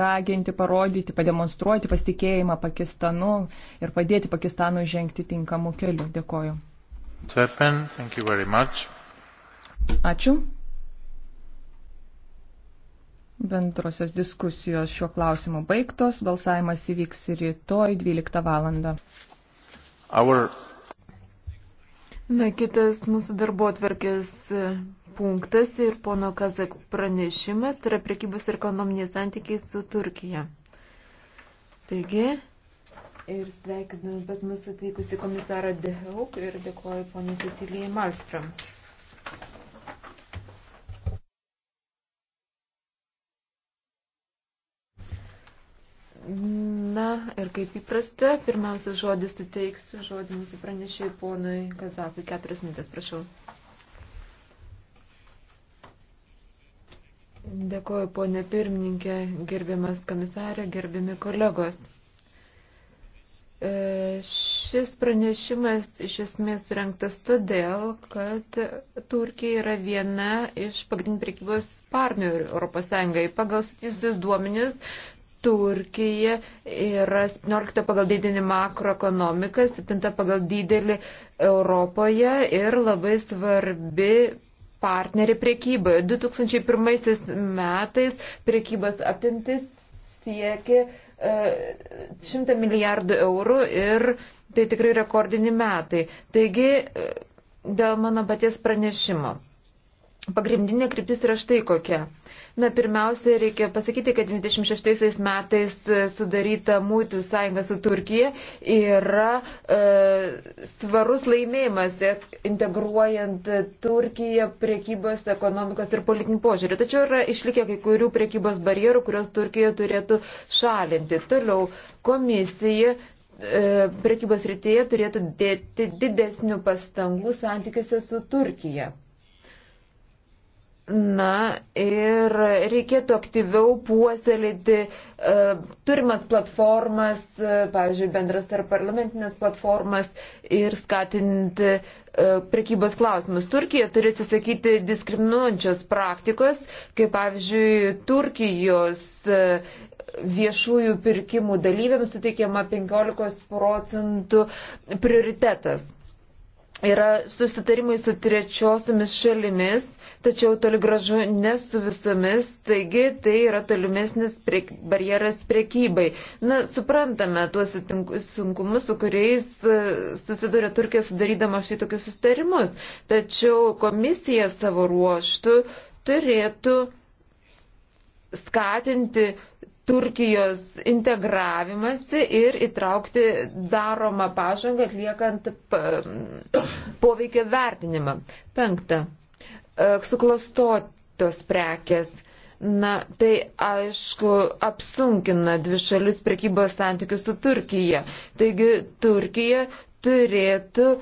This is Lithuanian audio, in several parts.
paraginti, parodyti, pademonstruoti pasitikėjimą Pakistanu ir padėti Pakistanui žengti tinkamų kelių. Dėkoju. Ačiū. Bendrosios diskusijos šiuo klausimu baigtos. Balsavimas įvyks rytoj 12 val. Our Na, kitas mūsų darbo atvarkės e, punktas ir pono Kazak pranešimas tai yra priekybos ir ekonominiai santykiai su Turkija. Taigi, ir sveikinu pas mus atvykusi komisarą Dehauk ir dėkoju ponai Cecilijai Malstrom. Na ir kaip įprasta, pirmiausias žodis suteiksiu žodį mūsų pranešėjai ponui Kazakui. Keturias minutės, prašau. Dėkuoju, ponė pirmininkė, gerbiamas komisarė, gerbiami kolegos. E, šis pranešimas iš esmės renktas todėl, kad Turkija yra viena iš pagrindinių prekybos partnerių ES. Pagal statistikus duomenis Turkija yra 17 pagal didinį makroekonomiką, 7 pagal didelį Europoje ir labai svarbi partnerį priekyboje. 2001 metais priekybos aptintis siekia e, uh, 100 milijardų eurų ir tai tikrai rekordiniai metai. Taigi, e, dėl mano paties pranešimo. Pagrindinė kryptis yra štai kokia. Uh, Na, pirmiausia, reikia pasakyti, kad 26 metais e, sudaryta mūtų sąjunga su Turkija yra e, svarus laimėjimas, e, integruojant Turkiją priekybos, ekonomikos ir politinį požiūrį. Tačiau yra išlikę kai kurių priekybos barjerų, kurios Turkija turėtų šalinti. Toliau komisija e, prekybos rytyje turėtų dėti didesnių pastangų santykiuose su Turkija. Na ir reikėtų aktyviau puoselėti e, turimas platformas, e, pavyzdžiui, bendras ar parlamentinės platformas ir skatinti e, prekybos klausimus. Turkija turi atsisakyti diskriminuojančios praktikos, kaip pavyzdžiui, Turkijos e, viešųjų pirkimų dalyviams suteikiama 15 procentų prioritetas. Yra susitarimai su trečiosiamis šalimis tačiau toli gražu ne su visomis, taigi tai yra tolimesnis prie, barjeras priekybai. Na, suprantame tuos sunkumus, su kuriais e, susiduria Turkija sudarydama štai tokius sustarimus, tačiau komisija savo ruoštų turėtų skatinti Turkijos integravimasi ir įtraukti daromą pažangą atliekant poveikio vertinimą. Penkta. E, suklastotos prekės. Na, tai aišku, apsunkina dvišalius prekybos santykius su Turkija. Taigi Turkija turėtų e,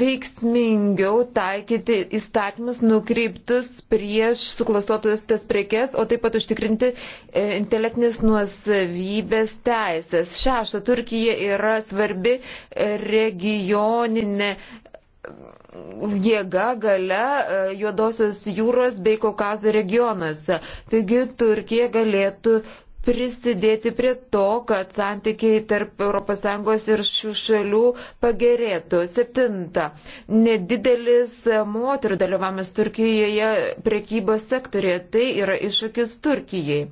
veiksmingiau taikyti įstatymus nukreiptus prieš suklastotas tas prekes, o taip pat užtikrinti e, intelektinės nuosavybės teisės. Šešta, Turkija yra svarbi regioninė jėga, gale e, Juodosios jūros bei Kaukazo regionuose. Taigi Turkija galėtų prisidėti prie to, kad santykiai tarp ES ir šių šalių pagerėtų. Septinta. Nedidelis moterų dalyvavimas Turkijoje prekybos sektorėje. Tai yra iššūkis Turkijai.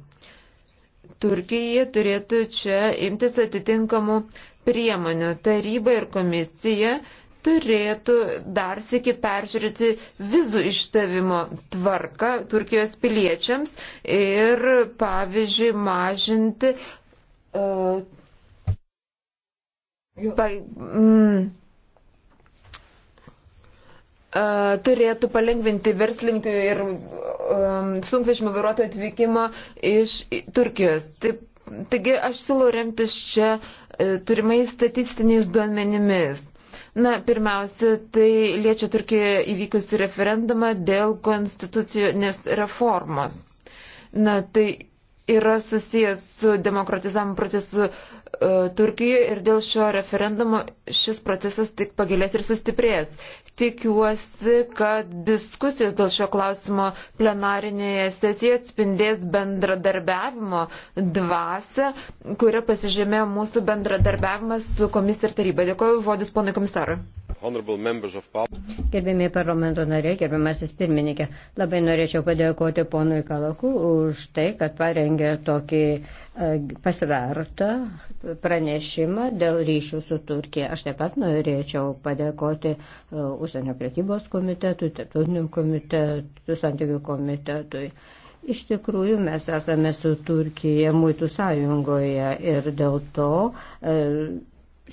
Turkija turėtų čia imtis atitinkamų priemonių. Taryba ir komisija uh, turėtų dar sėki peržiūrėti vizų ištavimo tvarką Turkijos piliečiams ir, pavyzdžiui, mažinti. Uh, pa, mm, uh, turėtų palengvinti verslininkų ir um, e, sunkvežimio vairuotojų atvykimą iš Turkijos. Taip, taigi aš siūlau remtis čia uh, turimais statistiniais duomenimis. Na, pirmiausia, tai liečia Turkijoje įvykusi referendumą dėl konstitucijos reformos. Na, tai yra susijęs su demokratizavimo procesu uh, Turkijoje ir dėl šio referendumo šis procesas tik pagilės ir sustiprės tikiuosi, kad diskusijos dėl šio klausimo plenarinėje sesijoje atspindės bendradarbiavimo dvasę, kurią pasižymėjo mūsų bendradarbiavimas su komisija ir taryba. Dėkuoju, žodis ponai komisarui. Gerbėmi parlamento nariai, gerbiamasis pirmininkė, labai norėčiau padėkoti ponui Kalaku už tai, kad parengė tokį e, pasvertą pranešimą dėl ryšių su Turkija. Aš taip pat norėčiau padėkoti e, už užsienio priekybos komitetui, tarptautiniam komitetui, santykių komitetui. Iš tikrųjų, mes esame su Turkija muitų sąjungoje ir dėl to e,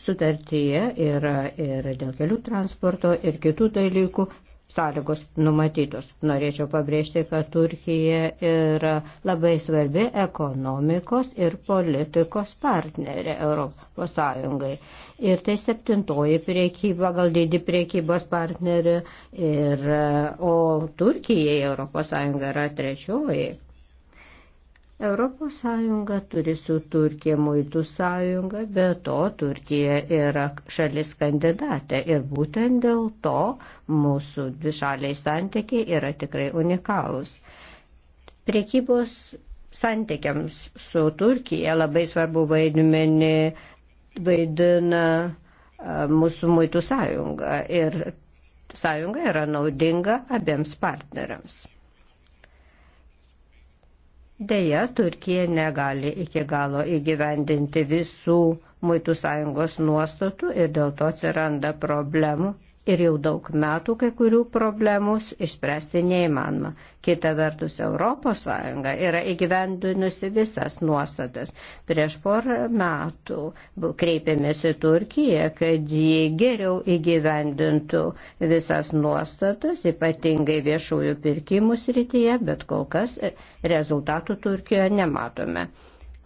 sutartyje yra ir dėl kelių transporto ir kitų dalykų sąlygos numatytos. Norėčiau pabrėžti, kad Turkija yra labai svarbi ekonomikos ir politikos partnerė Europos Sąjungai. Ir tai septintoji priekyba, gal didį priekybos partnerė, ir, o Turkijai Europos Sąjunga yra trečioji. Europos Sąjunga turi su Turkija muitų sąjungą, bet to Turkija yra šalis kandidatė ir būtent dėl to mūsų dvišaliai santykiai yra tikrai unikalūs. Priekybos santykiams su Turkija labai svarbu vaidmenį vaidina mūsų muitų sąjunga ir sąjunga yra naudinga abiems partneriams. Deja, Turkija negali iki galo įgyvendinti visų muitų sąjungos nuostatų ir dėl to atsiranda problemų ir jau daug metų kai kurių problemų išspręsti neįmanoma. Kita vertus, ES yra įgyvendinusi visas nuostatas. Prieš porą metų kreipėmės į Turkiją, kad ji geriau įgyvendintų visas nuostatas, ypatingai viešųjų pirkimų srityje, bet kol kas rezultatų Turkijoje nematome.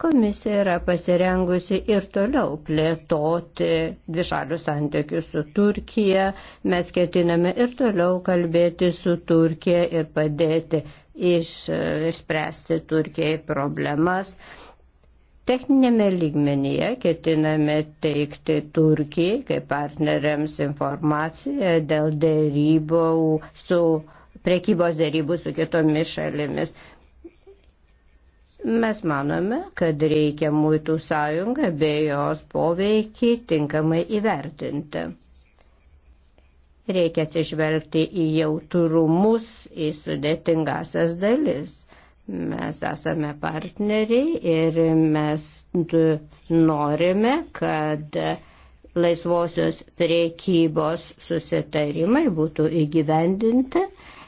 Komisija yra pasirengusi ir toliau plėtoti dvišalius santykius su Turkija. Mes ketiname ir toliau kalbėti su Turkija ir padėti iš, išspręsti Turkijai problemas. Techninėme lygmenyje ketiname teikti Turkijai kaip partneriams informaciją dėl dėrybų su prekybos dėrybų su kitomis šalimis. Mes manome, kad reikia muitų sąjungą bei jos poveikį tinkamai įvertinti. Reikia atsižvelgti į jautrumus, į sudėtingasias dalis. Mes esame partneriai ir mes norime, kad laisvosios priekybos susitarimai būtų įgyvendinti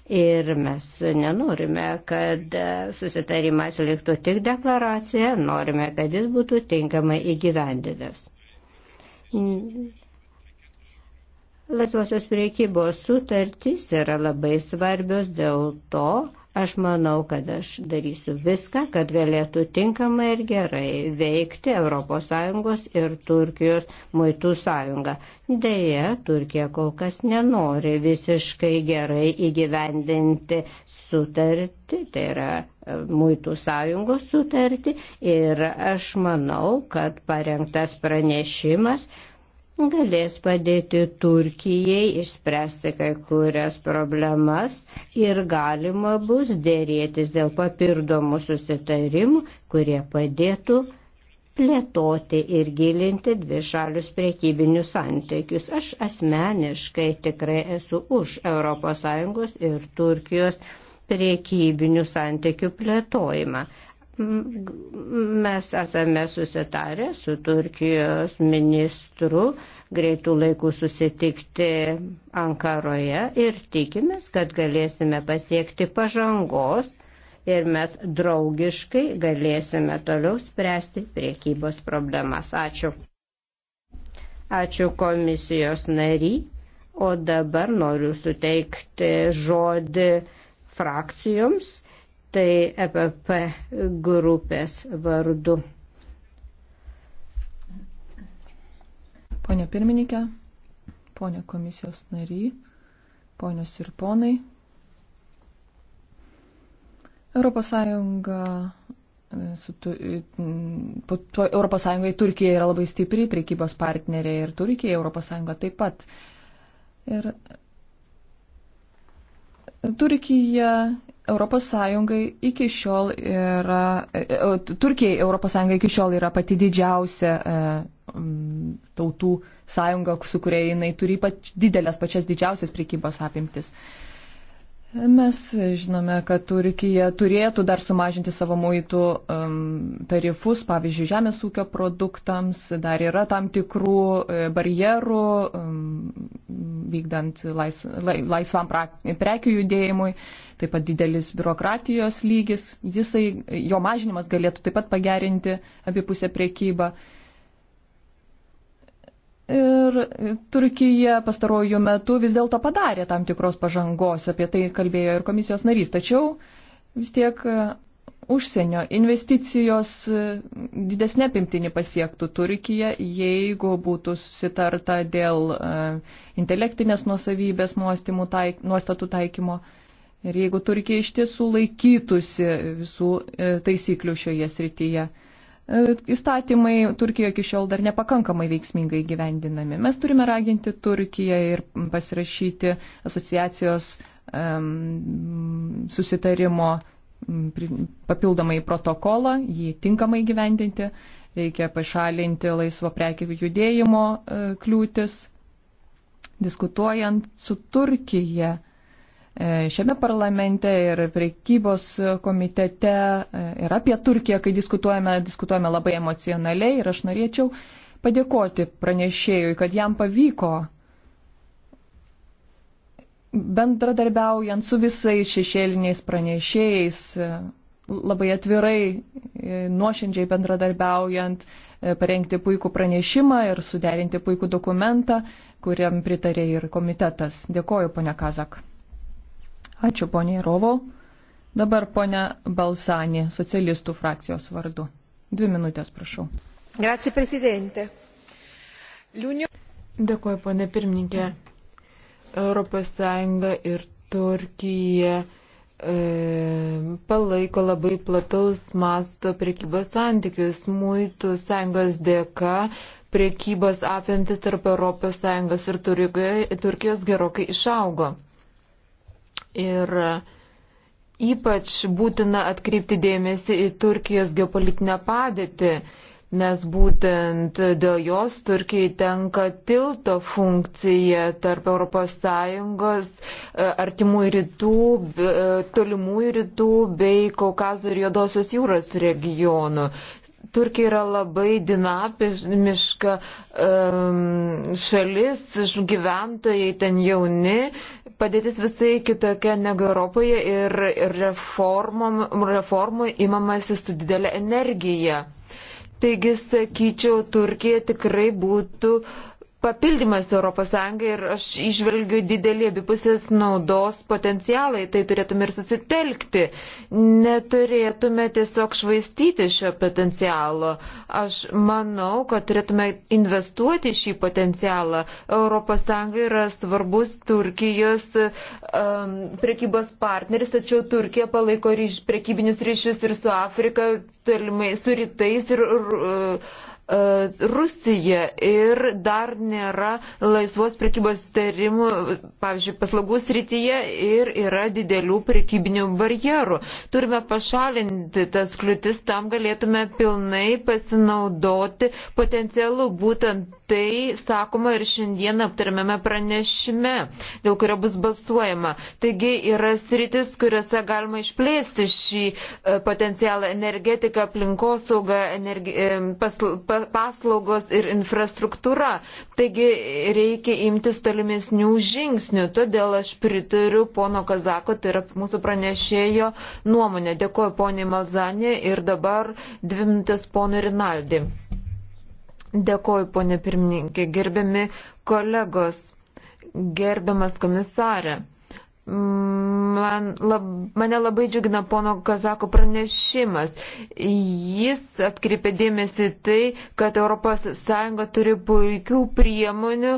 ir mes nenorime, kad susitarimas liktų tik deklaracija, norime, kad jis būtų tinkamai įgyvendintas. Laisvosios priekybos sutartys yra labai svarbios dėl to, Aš manau, kad aš darysiu viską, kad galėtų tinkamai ir gerai veikti ES ir Turkijos muitų sąjungą. Deja, Turkija kol kas nenori visiškai gerai įgyvendinti sutartį, tai yra e, muitų sąjungos sutartį ir aš manau, kad parengtas pranešimas galės padėti Turkijai išspręsti kai kurias problemas ir galima bus dėrėtis dėl papirdomų susitarimų, kurie padėtų plėtoti ir gilinti dvišalius priekybinius santykius. Aš asmeniškai tikrai esu už ES ir Turkijos priekybinių santykių plėtojimą. Mes esame susitarę su Turkijos ministru greitų laikų susitikti Ankaroje ir tikimės, kad galėsime pasiekti pažangos ir mes draugiškai galėsime toliau spręsti priekybos problemas. Ačiū. Ačiū komisijos nary, o dabar noriu suteikti žodį frakcijoms tai EPP grupės vardu. Pone pirmininkė, pone komisijos nary, ponios ir ponai. Europos Sąjunga su, po to Europos Sąjungai Turkija yra labai stipri prekybos partnerė ir Turkija Europos Sąjunga taip pat. Ir Turkija Europos Sąjungai iki šiol yra, e, e, Turkijai Europos Sąjunga iki šiol yra pati didžiausia e, tautų sąjunga, su kuria jinai turi ypač didelės pačias didžiausias priekybos apimtis. Mes žinome, kad Turkija turėtų dar sumažinti savo muitų um, tarifus, pavyzdžiui, žemės ūkio produktams, dar yra tam tikrų e, barjerų um, vykdant lais, lai, laisvam pra, prekių judėjimui, taip pat didelis biurokratijos lygis, jisai, jo mažinimas galėtų taip pat pagerinti abipusę priekybą. Uh, Ir Turkija pastarojų metų vis dėlto padarė tam tikros pažangos, apie tai kalbėjo ir komisijos narys. Tačiau vis tiek e, užsienio investicijos e, didesnė pimtinį pasiektų Turkiją, jeigu būtų susitarta dėl e, intelektinės nuosavybės taik, nuostatų taikymo. Ir jeigu Turkija iš tiesų laikytųsi visų taisyklių šioje srityje. E, įstatymai Turkijoje iki šiol dar nepakankamai veiksmingai gyvendinami. Mes turime raginti Turkiją ir pasirašyti asociacijos um, susitarimo papildomai protokolą, jį tinkamai gyvendinti, reikia pašalinti laisvo prekių judėjimo e, kliūtis, diskutuojant su Turkija E, šiame parlamente ir priekybos komitete e, ir apie Turkiją, kai diskutuojame, diskutuojame labai emocionaliai ir aš norėčiau padėkoti pranešėjui, kad jam pavyko bendradarbiaujant su visais šešėliniais pranešėjais, e, labai atvirai, nuošindžiai bendradarbiaujant, parengti puikų pranešimą ir suderinti puikų dokumentą, kuriam pritarė ir komitetas. Dėkoju, ponia Kazak. Ačiū, ponė Rovol. Dabar ponė Balsanė, socialistų frakcijos vardu. Dvi minutės, prašau. Grazie, prezidente. Liūnio... Dėkuoju, ponė pirmininkė. ES ir Turkija e, palaiko labai plataus masto priekybos santykius. Muitų sąjungos dėka priekybos apimtis tarp ES ir Turkijos gerokai išaugo. Ir ypač būtina atkreipti dėmesį į Turkijos geopolitinę padėtį, nes būtent dėl jos Turkijai tenka tilto funkcija tarp ES, e, artimųjų rytų, e, tolimųjų rytų bei Kaukazo ir Jodosios jūros regionų. Turkija yra labai dinamiška um, šalis, gyventojai ten jauni, padėtis visai kitokia negu Europoje ir reformom, reformų imamasi su didelė energija. Taigi, sakyčiau, Turkija tikrai būtų uh, papildymas ES ir aš išvelgiu didelį abipusės naudos potencialą, tai turėtume ir susitelkti. Neturėtume tiesiog švaistyti šio potencialo. Aš manau, kad turėtume investuoti šį potencialą. ES yra svarbus Turkijos um, prekybos partneris, tačiau Turkija palaiko ryš, prekybinius ryšius ir su Afrika, tolimai, su rytais ir. ir uh, E, Rusija ir dar nėra laisvos prekybos tarimų, pavyzdžiui, paslaugų srityje ir yra didelių prekybinių barjerų. Turime pašalinti tas kliūtis, tam galėtume pilnai pasinaudoti potencialu. Būtent tai sakoma ir šiandien aptariamame pranešime, dėl kurio bus balsuojama. Taigi yra sritis, kuriuose galima išplėsti šį e, potencialą energetiką, aplinkosauga, energi... E, paslaugą paslaugos ir infrastruktūra. Taigi reikia imtis tolimesnių žingsnių. Todėl aš pritariu pono Kazako, tai yra mūsų pranešėjo nuomonė. Dėkuoju poniai Malzanė ir dabar dvi minutės ponui Rinaldi. Dėkuoju ponė pirmininkė, gerbiami kolegos, gerbiamas komisarė. Man, lab, mane labai džiugina pono Kazako pranešimas. Jis atkreipė dėmesį tai, kad ES turi puikių priemonių,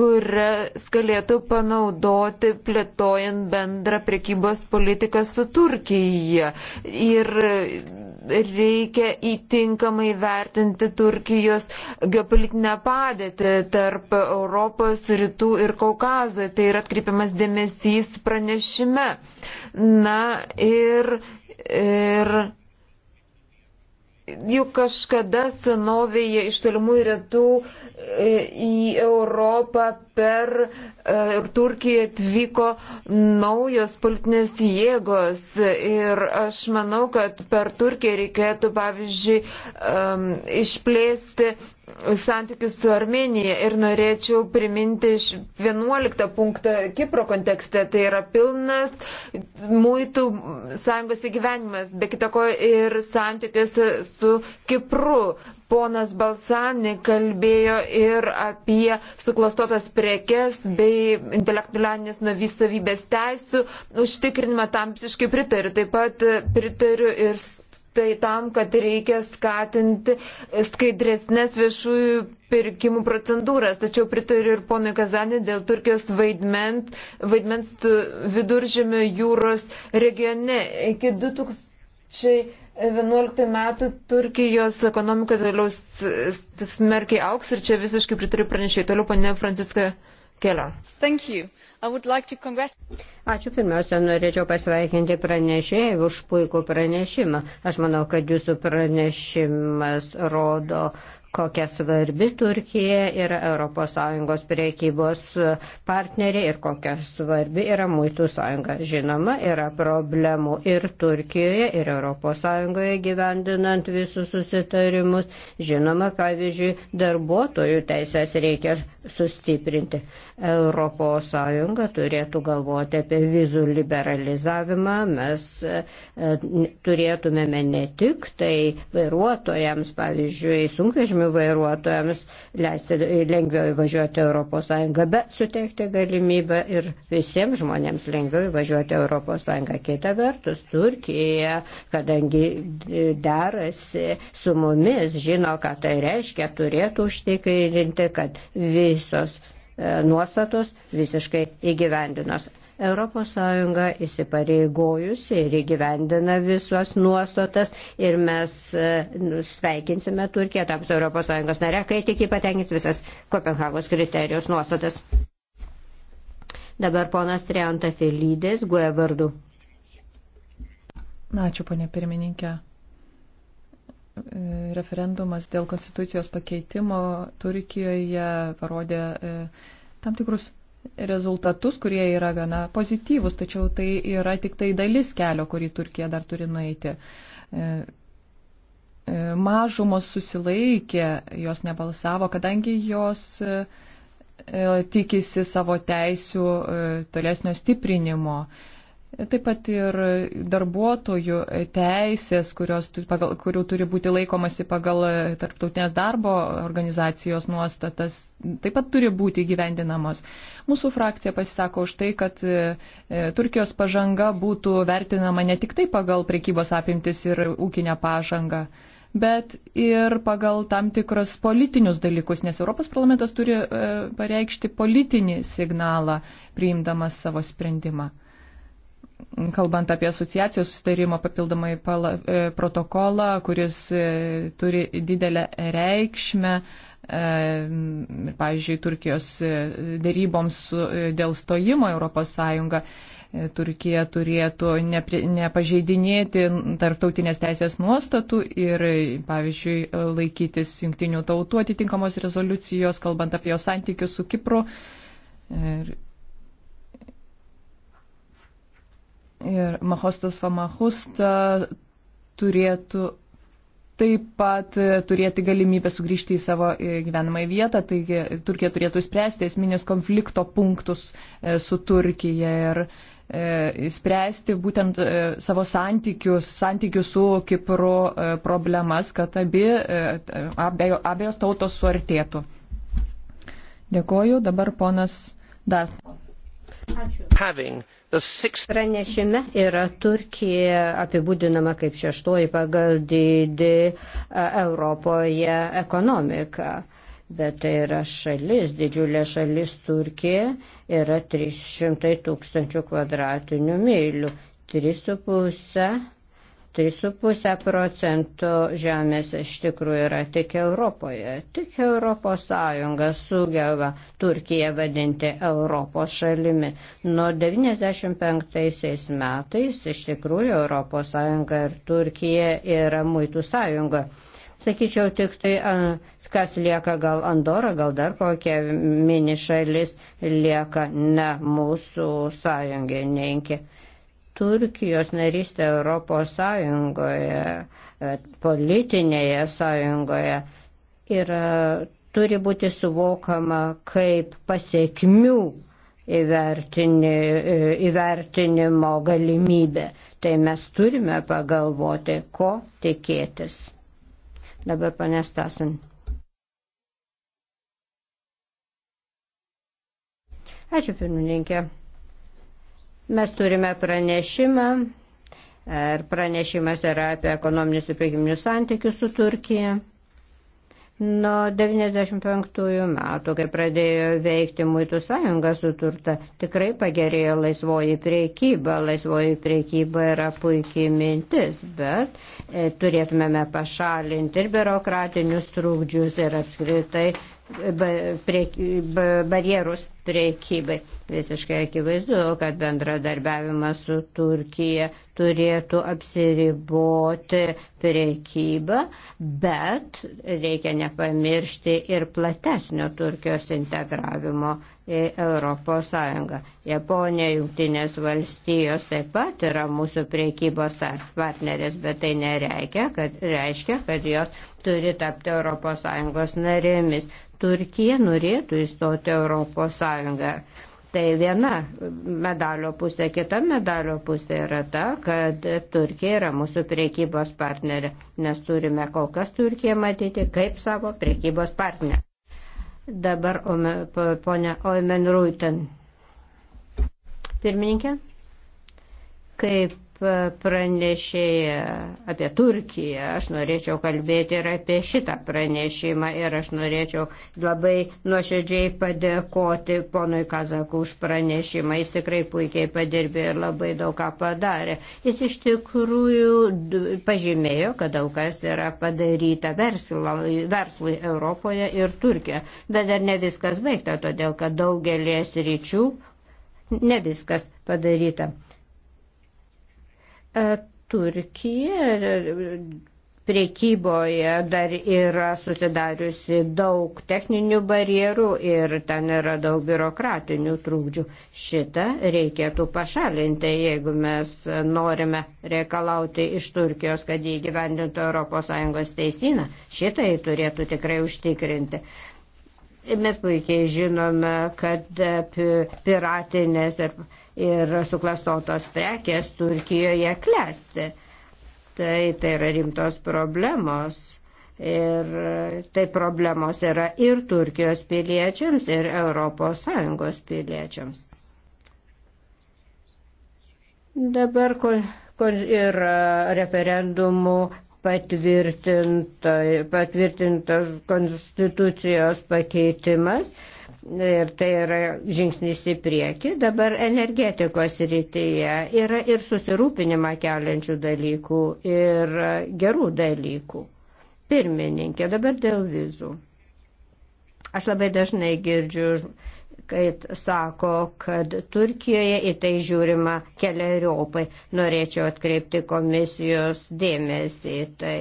kurias galėtų panaudoti plėtojant bendrą prekybos politiką su Turkija. Ir reikia įtinkamai vertinti Turkijos geopolitinę padėtį tarp Europos, Rytų ir Kaukazo. Tai yra atkreipiamas dėmesys pranešime. Na ir. ir Juk kažkada senovėje iš tolimų rytų e, į Europą per e, ir Turkiją atvyko naujos politinės jėgos. Ir aš manau, kad per Turkiją reikėtų, pavyzdžiui, išplėsti santykius su Armenija ir norėčiau priminti 11 punktą Kipro kontekste. Tai yra pilnas muitų sąjungos įgyvenimas, be kitako ir santykiuose su Kipru. Ponas Balsani kalbėjo ir apie suklastotas prekes bei intelektualinės navys savybės teisų užtikrinimą tam visiškai pritariu. Taip pat pritariu ir tai tam, kad reikia skatinti skaidresnės viešųjų pirkimų procedūras. Tačiau pritariu ir ponui Kazanį dėl Turkijos vaidment, vaidmens viduržėmio jūros regione. Iki 2011 metų Turkijos ekonomika toliau smerkiai auks ir čia visiškai pritariu pranešiai. Toliau, ponė Franciska kelio. Like Ačiū. Pirmiausia, norėčiau pasveikinti pranešėjai už puikų pranešimą. Aš manau, kad jūsų pranešimas rodo, kokia svarbi Turkija yra ES priekybos partneriai ir kokia svarbi yra Muitų sąjunga. Žinoma, yra problemų ir Turkijoje, ir ES gyvendinant visus susitarimus. Žinoma, pavyzdžiui, darbuotojų teisės reikia sustiprinti. ES turėtų galvoti apie vizų liberalizavimą. Mes e, turėtumėme ne tik tai vairuotojams, pavyzdžiui, sunkvežimių vairuotojams leisti lengviau įvažiuoti ES, bet suteikti galimybę ir visiems žmonėms lengviau įvažiuoti ES. Kita vertus, Turkija, kadangi derasi su mumis, žino, ką tai reiškia, turėtų užtikrinti, kad visos E, nuostatus visiškai įgyvendinos. ES įsipareigojusi ir įgyvendina visas nuostatas ir mes e, nu, sveikinsime Turkiją taps ES nare, kai tik įpatengins visas Kopenhagos kriterijos nuostatas. Dabar ponas Trianta Felydės, guoja vardu. Na, ačiū, ponė pirmininkė referendumas dėl konstitucijos pakeitimo Turkijoje parodė e, tam tikrus rezultatus, kurie yra gana pozityvus, tačiau tai yra tik tai dalis kelio, kurį Turkija dar turi nueiti. E, e, mažumos susilaikė, jos nebalsavo, kadangi jos tikisi savo teisių tolesnio stiprinimo. Taip pat ir darbuotojų teisės, kurios, pagal, kurių turi būti laikomasi pagal tarptautinės darbo organizacijos nuostatas, taip pat turi būti gyvendinamos. Mūsų frakcija pasisako už tai, kad e, e, Turkijos pažanga būtų vertinama ne tik tai pagal priekybos apimtis ir ūkinę pažangą bet ir pagal tam tikras politinius dalykus, nes Europos parlamentas turi e, pareikšti politinį signalą priimdamas savo sprendimą kalbant apie asociacijos sustarimo papildomai pala, e, protokolą, kuris e, turi didelę reikšmę, e, pavyzdžiui, Turkijos e, dėryboms e, dėl stojimo Europos Sąjungą. E, Turkija turėtų nepri, nepažeidinėti tarptautinės teisės nuostatų ir, pavyzdžiui, laikytis jungtinių tautų atitinkamos rezoliucijos, kalbant apie jos santykius su Kipru. Ir, ir Mahostas Famahusta turėtų taip pat turėti galimybę sugrįžti į savo e, gyvenamąją vietą, taigi Turkija turėtų spręsti esminės konflikto punktus e, su Turkija ir e, spręsti būtent savo santykius, santykius su Kipru problemas, kad abi, abejo, abejos tautos suartėtų. Dėkoju, dabar ponas dar. Pranešime yra Turkija apibūdinama kaip šeštoji pagal dydį e, Europoje ekonomika. Bet tai yra šalis, didžiulė šalis Turkija yra 300 tūkstančių kvadratinių mylių, 3,5 3,5 procentų žemės iš tikrųjų yra tik Europoje. Tik Europos Sąjunga sugeba Turkiją vadinti Europos šalimi. Nuo 95 metais iš tikrųjų Europos Sąjunga ir Turkija yra muitų sąjunga. Sakyčiau, tik tai kas lieka gal Andora, gal dar kokia mini šalis lieka ne mūsų sąjungininkė. Turkijos narystė Europos Sąjungoje, e, politinėje sąjungoje yra, turi būti suvokama kaip pasiekmių įvertini, e, įvertinimo galimybė. Tai mes turime pagalvoti, ko tikėtis. Dabar panestasin. Ačiū pirmininkė. Mes turime pranešimą ir pranešimas yra apie ekonominius ir prekybinius santykius su Turkija. Nuo 95 metų, kai pradėjo veikti Muitų sąjunga su turta, tikrai pagerėjo laisvoji priekyba. Laisvoji priekyba yra puikiai mintis, bet e, turėtumėme pašalinti ir biurokratinius trūkdžius ir apskritai prie, barjerus priekybai. Visiškai akivaizdu, kad bendradarbiavimas su Turkija turėtų apsiriboti priekybą, bet reikia nepamiršti ir platesnio Turkijos integravimo į Europos Sąjungą. Japonija, Junktinės valstijos taip pat yra mūsų priekybos partneris, bet tai nereikia, kad, reiškia, kad jos turi tapti Europos Sąjungos narėmis. Turkija norėtų įstoti Europos Sąjungą. Tai viena medalio pusė, kita medalio pusė yra ta, kad Turkija yra mūsų priekybos partnerė, nes turime kol kas Turkiją matyti kaip savo priekybos partnerę. Dabar ome, ponia Oimen Ruiten. Pirmininkė, kaip pranešėja apie Turkiją, aš norėčiau kalbėti ir apie šitą pranešimą ir aš norėčiau labai nuoširdžiai padėkoti ponui Kazakų už pranešimą. Jis tikrai puikiai padirbė ir labai daug ką padarė. Jis iš tikrųjų pažymėjo, kad daug kas yra padaryta verslui, verslui Europoje ir Turkijoje, bet dar ne viskas baigta, todėl kad daugelės ryčių ne viskas padaryta. E, Turkija e, priekyboje dar yra susidariusi daug techninių barjerų ir ten yra daug biurokratinių trūkdžių. Šitą reikėtų pašalinti, jeigu mes norime reikalauti iš Turkijos, kad jį gyvendintų ES teisyną. Šitą jį turėtų tikrai užtikrinti. Mes puikiai žinome, kad e, piratinės ir, ir suklastotos prekės Turkijoje klesti. Tai, tai yra rimtos problemos. Ir e, tai problemos yra ir Turkijos piliečiams, ir ES piliečiams. Dabar kol, kol yra referendumų patvirtinta, patvirtintas konstitucijos pakeitimas ir tai yra žingsnis į priekį. Dabar energetikos rytyje yra ir susirūpinimą keliančių dalykų, ir gerų dalykų. Pirmininkė, dabar dėl vizų. Aš labai dažnai girdžiu kaip sako, kad Turkijoje į tai žiūrima keliariopai. Norėčiau atkreipti komisijos dėmesį į tai.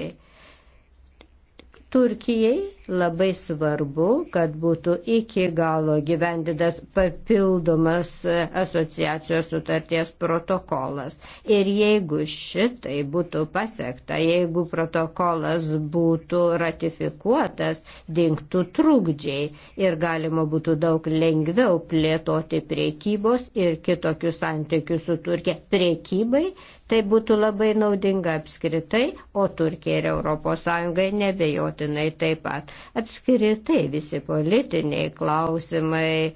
Turkijai Labai svarbu, kad būtų iki galo gyvendidas papildomas e, asociacijos sutarties protokolas. Ir jeigu šitai būtų pasiekta, jeigu protokolas būtų ratifikuotas, dinktų trūkdžiai ir galima būtų daug lengviau plėtoti priekybos ir kitokius santykius su Turkija. Priekybai tai būtų labai naudinga apskritai, o Turkija ir ES nebejotinai taip pat. Apskritai visi politiniai klausimai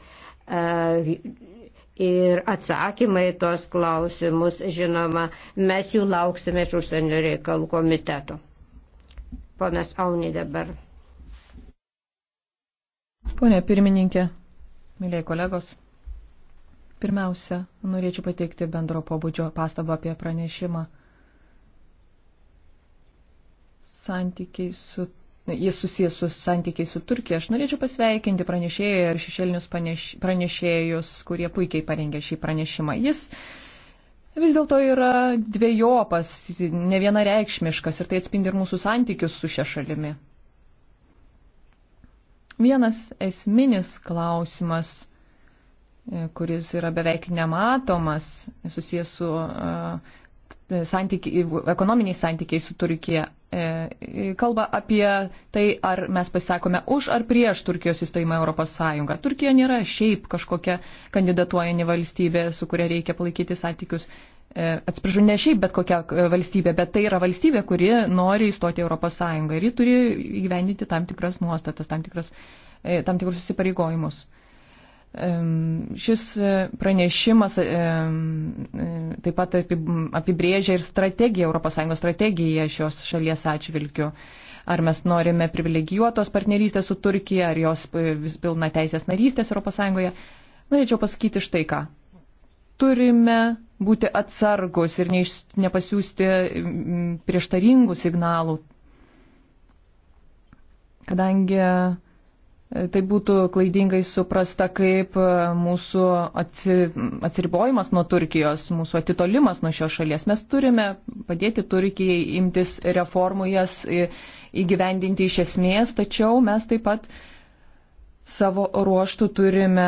ir atsakymai tuos klausimus, žinoma, mes jų lauksime iš užsienio reikalų komiteto. Ponas Auni dabar. Pone pirmininkė, mėlyje kolegos, pirmiausia, norėčiau pateikti bendro pobūdžio pastabą apie pranešimą santykiai su jis susijęs su santykiai su Turkija. Aš norėčiau pasveikinti pranešėją ir šešėlinius pranešėjus, kurie puikiai parengė šį pranešimą. Jis vis dėlto yra dviejopas, ne vienareikšmiškas ir tai atspindi ir mūsų santykius su šia šalimi. Vienas esminis klausimas, e, kuris yra beveik nematomas, susijęs su uh, santyki, e, ekonominiais santykiais su Turkija. E, kalba apie tai, ar mes pasisakome už ar prieš Turkijos įstojimą Europos Sąjungą. Turkija nėra šiaip kažkokia kandidatuojanti valstybė, su kuria reikia palaikyti santykius. E, atsiprašau, ne šiaip bet kokia e, valstybė, bet tai yra valstybė, kuri nori įstoti Europos Sąjungą ir ji turi įgyvendinti tam tikras nuostatas, tam, tikras, tam tikrus įsipareigojimus. Šis e, pranešimas e, e, taip pat apibrėžia ir strategiją, ES strategiją šios šalies atžvilgiu. Ar mes norime privilegijuotos partnerystės su Turkija, ar jos pilna teisės narystės ES. Norėčiau pasakyti štai ką. Turime būti atsargus ir neiš, nepasiūsti prieštaringų signalų, kadangi E, tai būtų klaidingai suprasta kaip e, mūsų atsi, atsiribojimas nuo Turkijos, mūsų atitolimas nuo šios šalies. Mes turime padėti Turkijai imtis reformų jas įgyvendinti iš esmės, tačiau mes taip pat savo ruoštų turime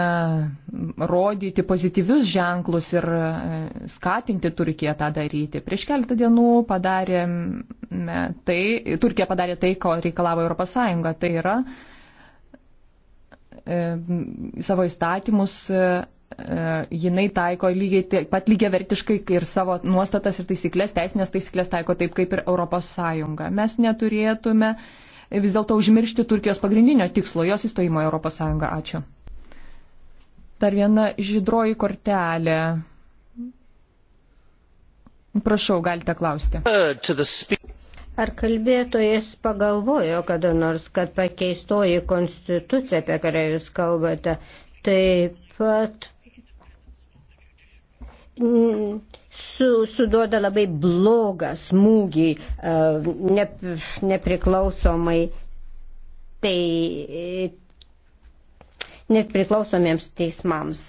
rodyti pozityvius ženklus ir e, skatinti Turkiją tą daryti. Prieš keletą dienų padarėme tai, Turkija padarė tai, ko reikalavo ES. Tai yra E, savo įstatymus e, e, jinai taiko lygiai taip pat lygiavertiškai ir savo nuostatas ir taisyklės, teisinės taisyklės taiko taip kaip ir Europos Sąjunga. Mes neturėtume vis dėlto užmiršti Turkijos pagrindinio tikslo, jos įstojimo į Europos Sąjungą. Ačiū. Dar viena žydroji kortelė. Prašau, galite klausti. Uh, Ar kalbėtojas pagalvojo kada nors, kad pakeistoji konstitucija, apie kurią jūs kalbate, taip pat mm, su, suduoda labai blogą smūgį e, ne, nepriklausomai tai nepriklausomiems teismams.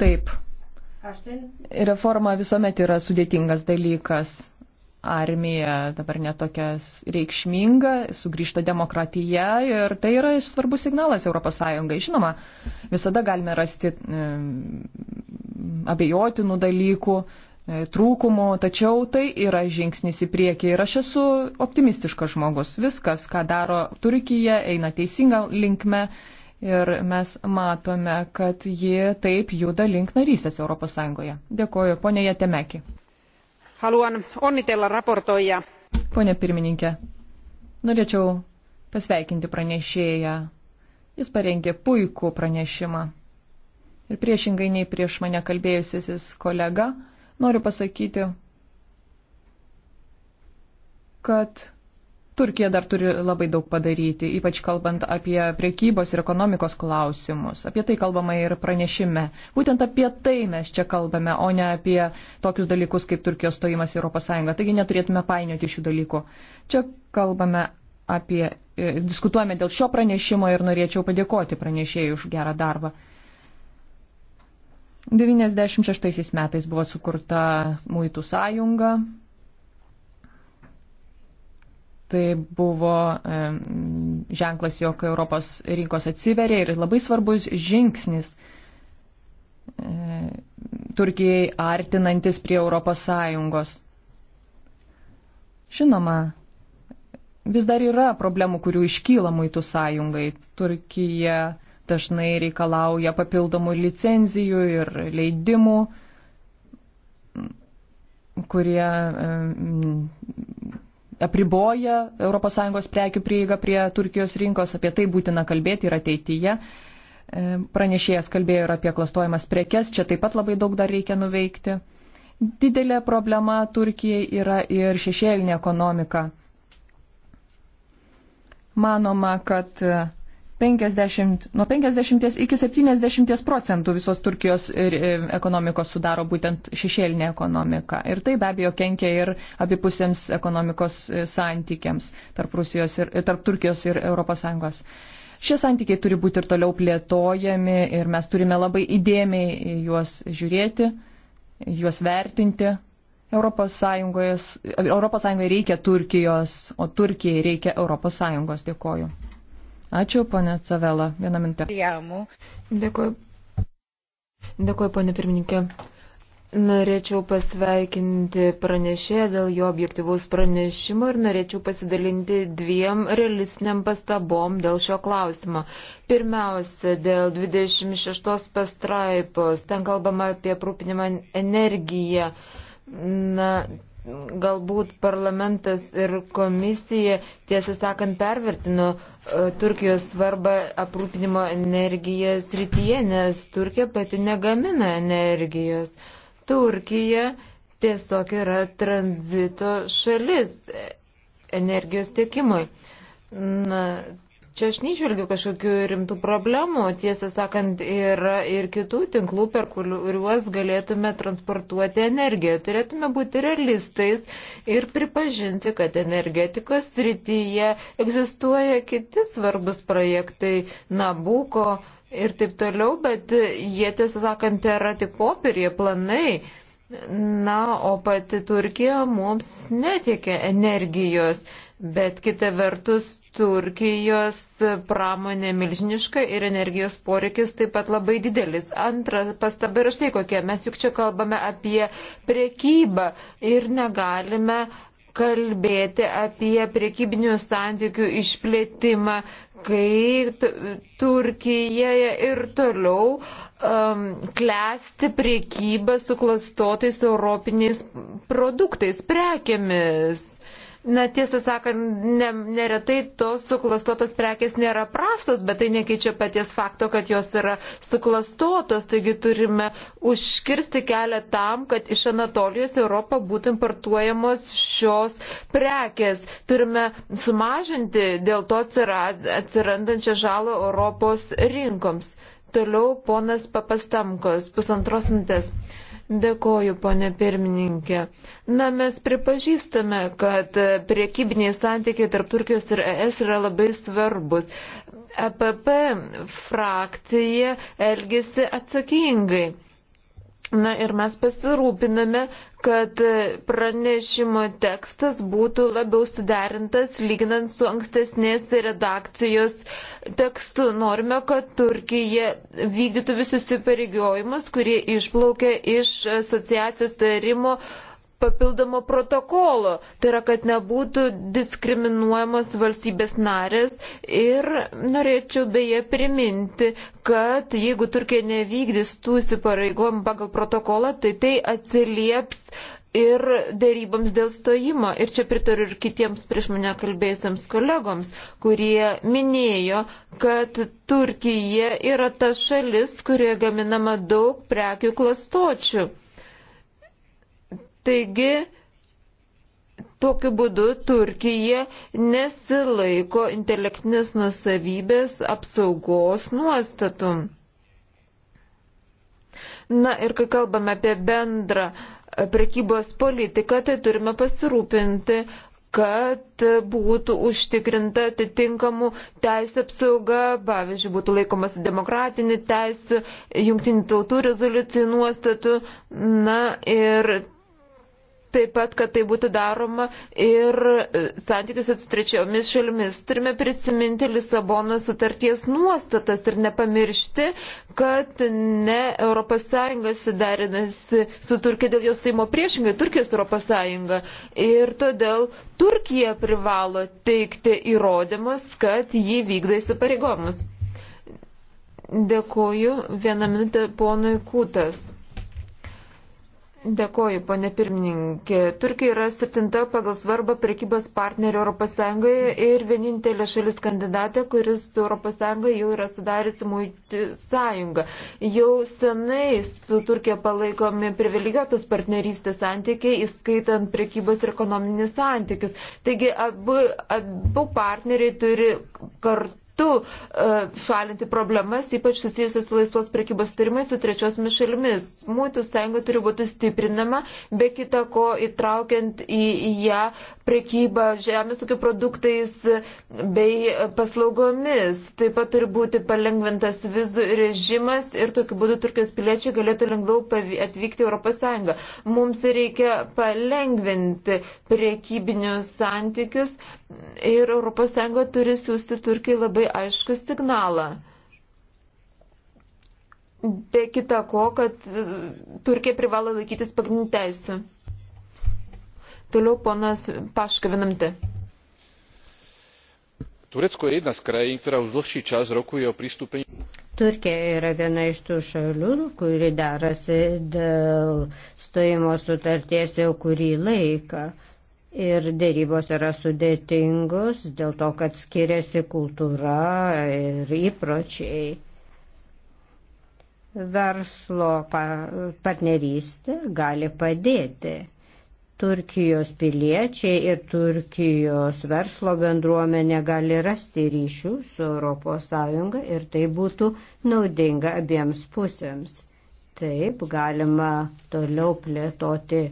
Taip, Reforma visuomet yra sudėtingas dalykas. Armija dabar netokia reikšminga, sugrįžta demokratija ir tai yra svarbus signalas ES. Žinoma, visada galime rasti mm, abejotinų dalykų, e, trūkumų, tačiau tai yra žingsnis į priekį ir aš esu optimistiškas žmogus. Viskas, ką daro Turkija, eina teisinga linkme ir mes matome, kad ji taip juda link narystės ES. Dėkuoju, ponė Jatemeki. Haluan onnitella raportoija. Pone pirmininkė, norėčiau pasveikinti pranešėją. Jis parengė puikų pranešimą. Ir priešingai nei prieš mane kalbėjusiasis kolega, noriu pasakyti, kad Turkija dar turi labai daug padaryti, ypač kalbant apie priekybos ir ekonomikos klausimus. Apie tai kalbama ir pranešime. Būtent apie tai mes čia kalbame, o ne apie tokius dalykus kaip Turkijos stojimas į ES. Taigi neturėtume painioti šių dalykų. Čia kalbame apie, e, diskutuojame dėl šio pranešimo ir norėčiau padėkoti pranešėjai už gerą darbą. 96 metais buvo sukurta Muitų sąjunga, Tai buvo ženklas, jog Europos rinkos atsiveria ir labai svarbus žingsnis e, Turkijai artinantis prie Europos Sąjungos. Žinoma, vis dar yra problemų, kurių iškyla muitų sąjungai. Turkija dažnai reikalauja papildomų licenzijų ir leidimų, kurie apriboja ES prekių prieigą prie Turkijos rinkos, apie tai būtina kalbėti ir ateityje. E, pranešėjas kalbėjo ir apie klastojamas prekes, čia taip pat labai daug dar reikia nuveikti. Didelė problema Turkijai yra ir šešėlinė ekonomika. Manoma, kad 50, nuo 50 iki 70 procentų visos Turkijos e, e, ekonomikos sudaro būtent šešėlinė ekonomika. Ir tai be abejo kenkia ir abipusiems ekonomikos e, santykiams tarp, Rusijos ir, tarp Turkijos ir ES. Šie santykiai turi būti ir toliau plėtojami ir mes turime labai įdėmiai juos žiūrėti, juos vertinti. ES, ES reikia Turkijos, o Turkijai reikia ES. Dėkoju. Ačiū, ponė Cavela. Vieną minutę. Dėkuoju. Dėkuoju, ponė pirmininkė. Norėčiau pasveikinti pranešėją dėl jo objektivaus pranešimo ir norėčiau pasidalinti dviem realistiniam pastabom dėl šio klausimo. Pirmiausia, dėl 26 pastraipos, ten kalbama apie aprūpinimą energiją. Na, galbūt parlamentas ir komisija, tiesą sakant, pervertino e, Turkijos svarbą aprūpinimo energiją srityje, nes Turkija pati negamina energijos. Turkija tiesiog yra tranzito šalis e, energijos tiekimui. Na, Čia aš neižvelgiu kažkokių rimtų problemų, tiesą sakant, yra ir kitų tinklų, per kuriuos galėtume transportuoti energiją. Turėtume būti realistais ir pripažinti, kad energetikos srityje egzistuoja kiti svarbus projektai - Nabuko ir taip toliau, bet jie, tiesą sakant, yra tik popierė planai. Na, o pati Turkija mums netiekia energijos bet kita vertus Turkijos pramonė milžiniška ir energijos poreikis taip pat labai didelis. Antra pastaba yra štai kokia, mes juk čia kalbame apie priekybą ir negalime kalbėti apie priekybinių santykių išplėtimą, kai Turkijoje ir toliau um, klesti priekyba suklastotais europiniais produktais, prekiamis. Na, tiesą sakant, ne, neretai tos suklastotos prekės nėra prastos, bet tai nekeičia paties fakto, kad jos yra suklastotos. Taigi turime užkirsti kelią tam, kad iš Anatolijos Europą būtų importuojamos šios prekės. Turime sumažinti dėl to atsirandančią žalą Europos rinkoms. Toliau ponas Papastamkos, pusantros minutės. Dėkoju, ponė pirmininkė. Na, mes pripažįstame, kad priekybiniai santykiai tarp Turkijos ir ES yra labai svarbus. EPP frakcija elgesi atsakingai. Na ir mes pasirūpiname, kad pranešimo tekstas būtų labiau suderintas lyginant su ankstesnės redakcijos uh, tekstu norime, kad Turkija vykdytų visus įpareigojimus, kurie išplaukia iš asociacijos tarimo papildomo protokolo. Tai yra, kad nebūtų diskriminuojamos valstybės narės. Ir norėčiau beje priminti, kad jeigu Turkija nevykdys tų įsipareigojimų pagal protokolą, tai tai atsilieps uh, ir dėryboms dėl stojimo. Ir čia pritariu ir kitiems prieš mane kalbėjusiems kolegoms, kurie minėjo, kad Turkija yra ta šalis, kurioje gaminama daug prekių klastočių. Taigi, Tokiu būdu Turkija nesilaiko intelektinės nusavybės apsaugos nuostatų. Na ir kai kalbame apie bendrą uh, prekybos politiką, tai turime pasirūpinti, kad būtų užtikrinta atitinkamų teisų apsauga, pavyzdžiui, būtų laikomas demokratinių teisų, jungtinių tautų rezoliucijų nuostatų. Na ir taip pat, kad tai būtų daroma ir e, santykiuose su trečiomis šalimis. Turime prisiminti Lisabono sutarties nuostatas ir nepamiršti, kad ne ES sudarinasi su Turkija dėl jos taimo priešingai, Turkijos ES. Ir todėl Turkija privalo teikti įrodymus, kad ji vykdo įsipareigomus. Dėkuoju. Vieną minutę ponui Kūtas. Dėkoju, ponė pirmininkė. Turkija yra septinta pagal svarbą prekybos partnerė ES ir vienintelė šalis kandidatė, kuris su ES jau yra sudariusi muitų sąjungą. Jau senai su Turkija palaikomi privilegijuotus partnerystės santykiai, įskaitant prekybos ir ekonominius santykius. Taigi abu, abu partneriai turi kartu kartu e, šalinti problemas, ypač susijusios su laisvos prekybos tarimais su trečiosiomis šalimis. Mūtų sąjunga turi būti stiprinama, be kita ko įtraukiant į ją prekybą žemės ūkio produktais bei paslaugomis. Taip pat turi būti palengvintas vizų režimas ir tokiu būdu Turkijos piliečiai galėtų lengviau atvykti į ES. Mums reikia palengvinti priekybinius santykius ir ES turi siūsti Turkijai labai labai aišku signalą. Be kita ko, kad e, Turkija privalo laikytis pagrindinių teisų. Toliau ponas Paška vienamte. Turecko je jedna z krajín, ktorá už dlhší čas rokuje o pristúpení. Turkija yra viena iš tų šalių, kuri darasi dėl stojimo sutarties jau kurį laiką ir dėrybos yra sudėtingus dėl to, kad skiriasi kultūra ir įpročiai. Verslo partnerystė gali padėti. Turkijos piliečiai ir Turkijos verslo bendruomenė gali rasti ryšių su ES ir tai būtų naudinga abiems pusėms. Taip galima toliau plėtoti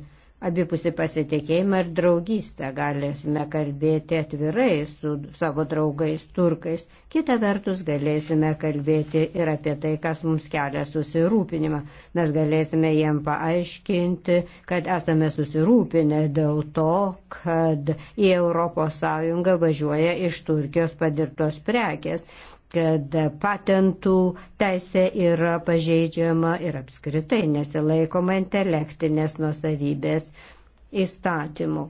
abipusį pasitikėjimą ir draugystę. Galėsime kalbėti atvirai su savo draugais turkais. Kita vertus, galėsime kalbėti ir apie tai, kas mums kelia susirūpinimą. Mes galėsime jiem paaiškinti, kad esame susirūpinę dėl to, kad į ES važiuoja iš Turkijos padirbtos prekės kad patentų teisė yra pažeidžiama ir apskritai nesilaikoma intelektinės nusavybės įstatymų.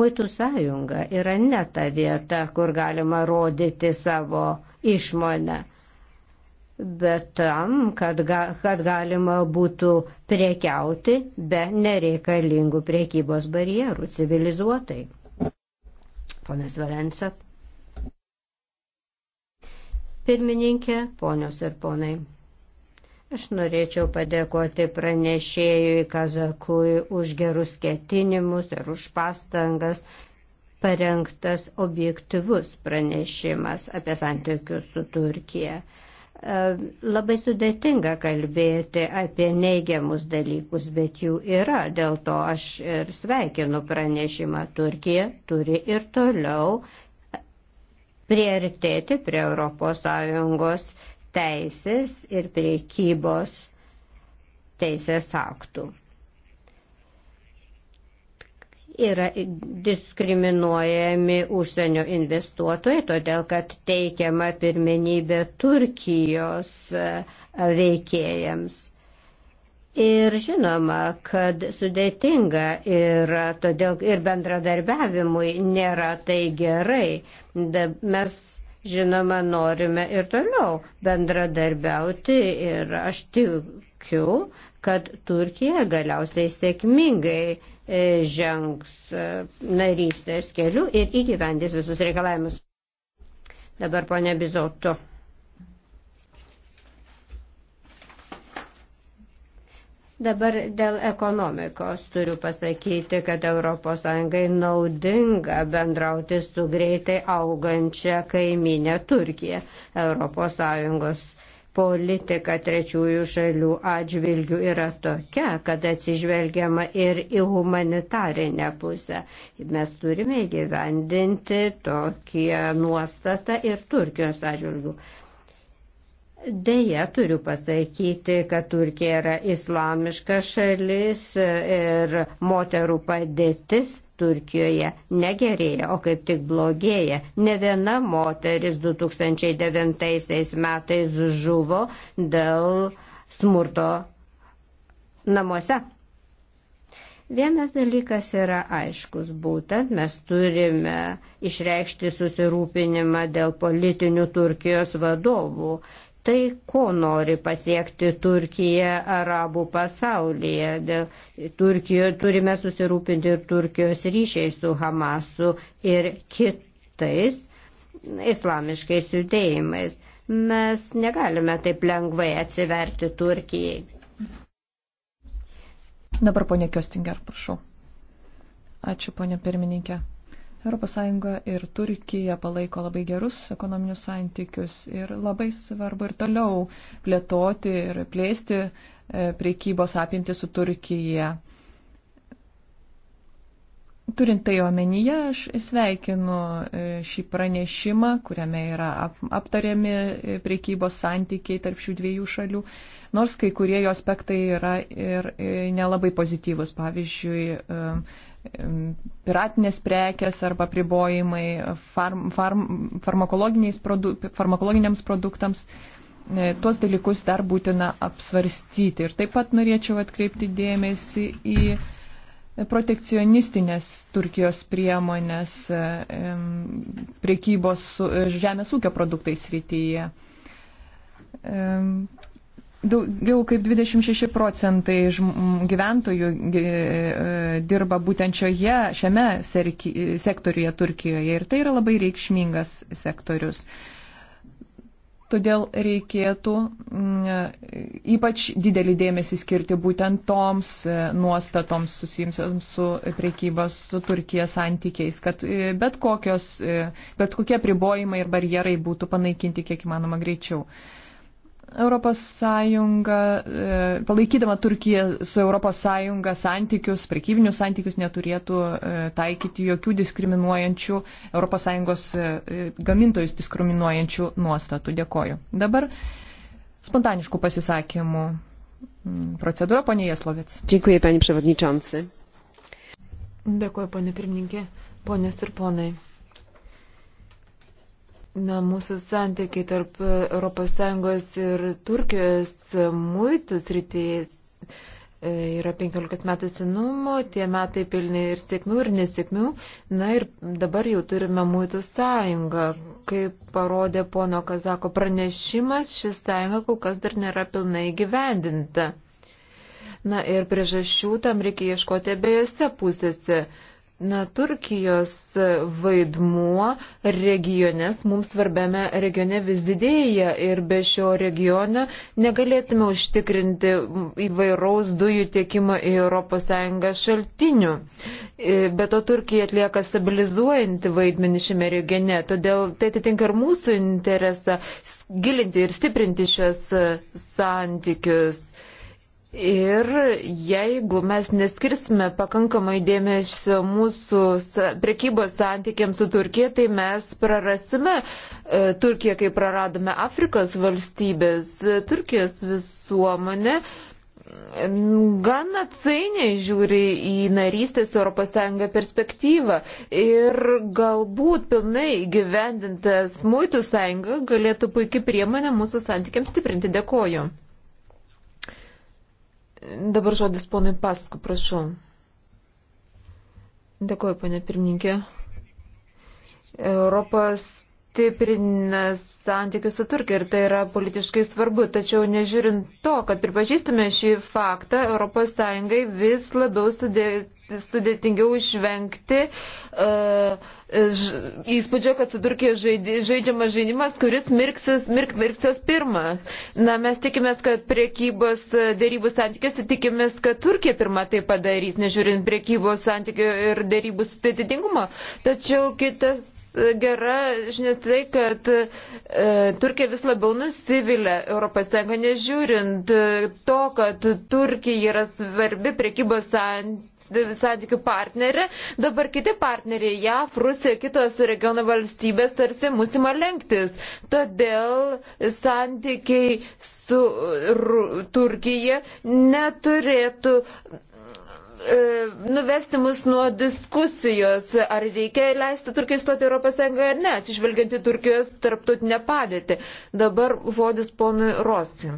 Muitų sąjunga yra ne ta vieta, kur galima rodyti savo išmonę, bet tam, kad, ga, kad galima būtų priekiauti be nereikalingų priekybos barjerų civilizuotai. Ponas Valensat. Pirmininkė, ponios ir ponai. Aš norėčiau padėkoti pranešėjui Kazakui už gerus ketinimus ir už pastangas parengtas objektivus pranešimas apie santykius su Turkija. E, labai sudėtinga kalbėti apie neigiamus dalykus, bet jų yra. Dėl to aš ir sveikinu pranešimą. Turkija turi ir toliau prieartėti prie ES teisės ir priekybos teisės aktų. Yra diskriminuojami užsienio investuotojai, todėl kad teikiama pirmenybė Turkijos veikėjams. Ir žinoma, kad sudėtinga ir, todėl, ir bendradarbiavimui nėra tai gerai. Da, mes, žinoma, norime ir toliau bendradarbiauti ir aš tikiu, kad Turkija galiausiai sėkmingai e, žengs e, narystės keliu ir įgyvendys visus reikalavimus. Dabar ponia Bizoto. Dabar dėl ekonomikos turiu pasakyti, kad ES naudinga bendrauti su greitai augančia kaiminė Turkija. ES politika trečiųjų šalių atžvilgių yra tokia, kad atsižvelgiama ir į humanitarinę pusę. Mes turime įgyvendinti tokią nuostatą ir Turkijos atžvilgių. Deja, turiu pasakyti, kad Turkija yra islamiška šalis ir moterų padėtis Turkijoje negerėja, o kaip tik blogėja. Ne viena moteris 2009 metais žuvo dėl smurto namuose. Vienas dalykas yra aiškus, būtent mes turime išreikšti susirūpinimą dėl politinių Turkijos vadovų tai, ko nori pasiekti Turkija arabų pasaulyje. Turkijo, turime susirūpinti ir Turkijos ryšiai su Hamasu ir kitais islamiškais judėjimais. Mes negalime taip lengvai atsiverti Turkijai. Dabar ponė Kjostinger, prašau. Ačiū, ponė pirmininkė. ES ir Turkija palaiko labai gerus ekonominius santykius ir labai svarbu ir toliau plėtoti ir plėsti e, priekybos apimti su Turkija. Turint tai omenyje, aš sveikinu e, šį pranešimą, kuriame yra aptariami e, priekybos santykiai tarp šių dviejų šalių, nors kai kurie jo aspektai yra ir nelabai pozityvus. Pavyzdžiui, piratinės prekes arba pribojimai farm, farm, produ, farmakologiniams produktams. E, tuos dalykus dar būtina apsvarstyti. Ir taip pat norėčiau atkreipti dėmesį į protekcionistinės Turkijos priemonės e, priekybos su e, žemės ūkio produktais rytyje. Daugiau kaip 26 procentai gyventojų e, dirba būtent šioje, šiame sektoriuje Turkijoje ir tai yra labai reikšmingas sektorius. Todėl reikėtų ypač didelį dėmesį skirti būtent toms e, nuostatoms susijusiams su priekybos su Turkija santykiais, kad e, bet, kokios, bet kokie pribojimai ir barjerai būtų panaikinti kiek įmanoma greičiau. ES, e, palaikydama Turkiją su ES santykius, prekybinius santykius, neturėtų e, taikyti jokių diskriminuojančių, ES e, gamintojus diskriminuojančių nuostatų. Dėkoju. Dabar spontaniškų pasisakymų procedūra, ponė Jeslovec. Dėkuoju, panie Przewodniczący. Dėkuoju, ponė pirmininkė, ponės ir ponai. Na, mūsų santykiai tarp ES ir Turkijos muitų srityje yra 15 metų senumo, tie metai pilni ir sėkmių, ir nesėkmių. Na ir dabar jau turime muitų sąjungą. Kaip parodė pono Kazako pranešimas, ši sąjunga kol kas dar nėra pilnai gyvendinta. Na ir priežasčių tam reikia ieškoti abiejose pusėse. Na, Turkijos vaidmuo regionės, mums svarbiame regione vis didėja ir be šio regiono negalėtume užtikrinti įvairaus dujų tiekimo į ES šaltinių. E, be to Turkija atlieka stabilizuojantį vaidmenį šiame regione, todėl tai atitinka ir mūsų interesą gilinti ir stiprinti šios e, santykius. Ir jeigu mes neskirsime pakankamai dėmesio mūsų prekybos santykiams su Turkija, tai mes prarasime e, Turkiją, kaip praradome Afrikos valstybės. E, Turkijos visuomonė gan atsainiai žiūri į narystės ES perspektyvą ir galbūt pilnai gyvendintas muitų sąjunga galėtų puikiai priemonę mūsų santykiams stiprinti. Dėkoju. Dabar žodis ponui Pasku, prašau. Dėkuoju, ponė pirmininkė. Europos stiprina santykius su Turkija ir tai yra politiškai svarbu. Tačiau nežiūrint to, kad pripažįstame šį faktą, ES vis labiau sudėti sudėtingiau išvengti uh, ž, įspūdžio, kad su Turkija žaidi, žaidžiamas žaidimas, kuris mirksis, mirk, mirksis pirmas. Na, mes tikimės, kad priekybos dėrybų santykiuose tikimės, kad Turkija pirmą tai padarys, nežiūrint priekybos santykių ir dėrybų sudėtingumo. Tačiau kitas gera žinia tai, kad e, Turkija vis labiau nusivylė ES, nežiūrint to, kad Turkija yra svarbi priekybos santykių santykių partnerė, dabar kiti partneriai, JAF, Rusija, kitos regiono valstybės tarsi mūsų ima lenktis. Todėl santykiai su Ru, Turkija neturėtų e, nuvesti mus nuo diskusijos, ar reikia leisti Turkijai stoti Europos Sąjungoje ar ne, atsižvelgiant į Turkijos tarptautinę padėtį. Dabar žodis ponui Rosi.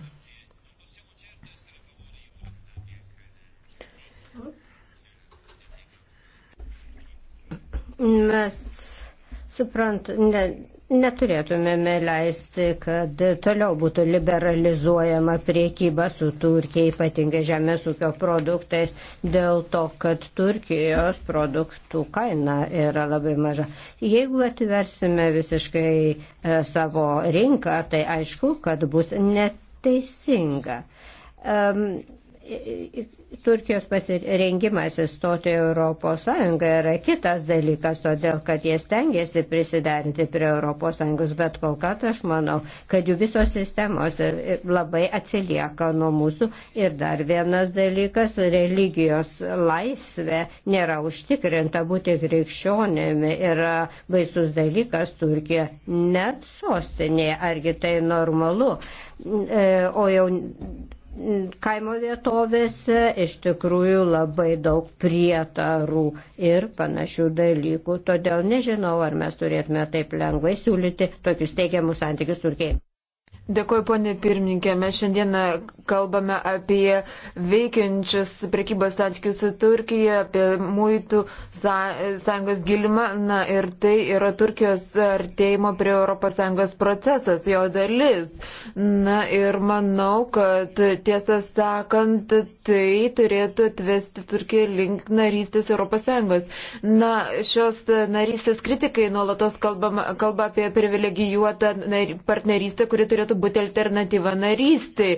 mes suprant, ne, neturėtumėme leisti, kad toliau būtų liberalizuojama priekyba su Turkija, ypatingai žemės ūkio produktais, dėl to, kad Turkijos produktų kaina yra labai maža. Jeigu atversime visiškai e, savo rinką, tai aišku, kad bus neteisinga. Um, e, e, Turkijos pasirengimas įstoti Europos Sąjungą yra kitas dalykas, todėl kad jie stengiasi prisiderinti prie Europos Sąjungos, bet kol kas aš manau, kad jų visos sistemos labai atsilieka nuo mūsų. Ir dar vienas dalykas - religijos laisvė nėra užtikrinta būti krikščionėmi. Yra baisus dalykas Turkija net sostinėje, argi tai normalu. E, o jau kaimo vietovėse iš tikrųjų labai daug prietarų ir panašių dalykų. Todėl nežinau, ar mes turėtume taip lengvai siūlyti tokius teigiamus santykius Turkijai. Dėkuoju, ponė pirmininkė. Mes šiandieną kalbame apie veikiančius prekybos santykius su Turkija, apie muitų sąjungos gilimą. Na ir tai yra Turkijos artėjimo prie ES procesas, jo dalis. Na ir manau, kad tiesą sakant, tai turėtų atvesti Turkiją link narystės ES. Na, šios narystės kritikai nuolatos kalba, kalba apie privilegijuotą partnerystę, kuri turėtų būti alternatyva narystai.